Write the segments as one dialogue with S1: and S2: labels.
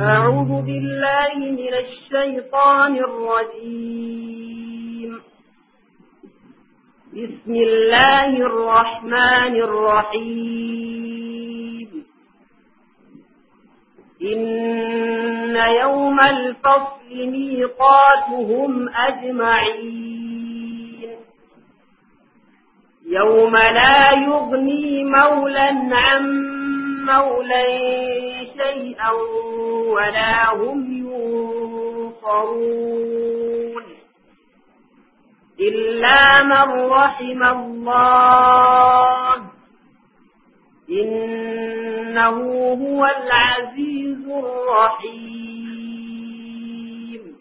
S1: أعوذ بالله من الشيطان الرجيم بسم الله الرحمن الرحيم إن يوم الفصل ميقاتهم أجمعين يوم لا يغني مولا عن مولا شيء شيئا ولا هم ينصرون إلا من رحم الله إنه هو العزيز الرحيم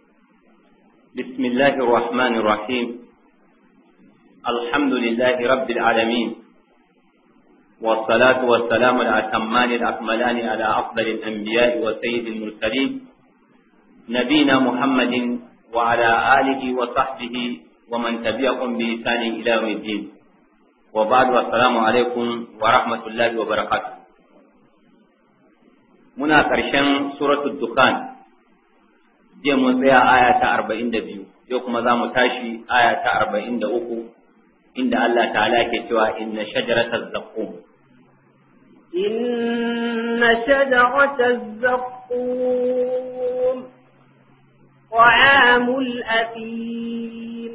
S2: بسم الله الرحمن الرحيم الحمد لله رب العالمين والصلاة والسلام الأتمان الأكملان على أفضل الأنبياء وسيد المرسلين نبينا محمد وعلى آله وصحبه ومن تبعهم بإحسان إلى يوم الدين وبعد والسلام عليكم ورحمة الله وبركاته منا كرشن سورة الدخان دي مزيا آية 42 يوكما ذا متاشي آية 43 إن الله تعالى كتوى إن شجرة الزقوم
S1: إن شجرة الزقوم طعام الأثيم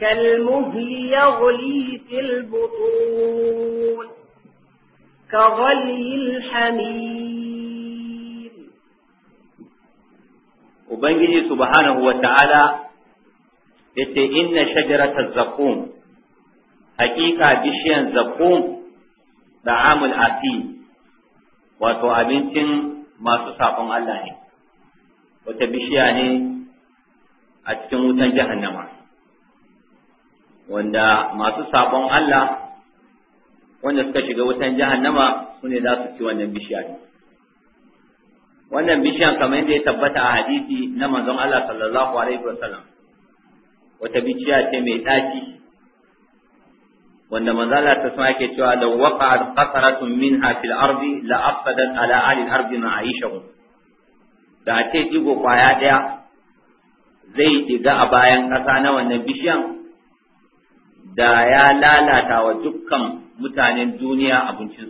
S1: كالمهل يغلي في البطون كغلي الحميم
S2: وبنجي سبحانه وتعالى إن شجرة الزقوم حقيقة بشيء زقوم da'amul asim wato abincin masu saƙon Allah ne wata bishiya ne a cikin wutan jahannama wanda masu saƙon Allah wanda suka shiga wutan jahannama su ne za su ci wannan bishiya ne wannan bishiyan kamar yadda ya tabbata a hadisi na manzon Allah sallallahu alaihi wasallam wata bishiya ce mai ɗaci wanda manzala ta sama yake cewa da waqa'at Tummin minha fil ardi la afsadat ala ahli al Aisha ma'ishahum da ce digo kwaya daya zai diga a bayan kasa na wannan bishiyan da ya lalata wa dukkan mutanen duniya abincin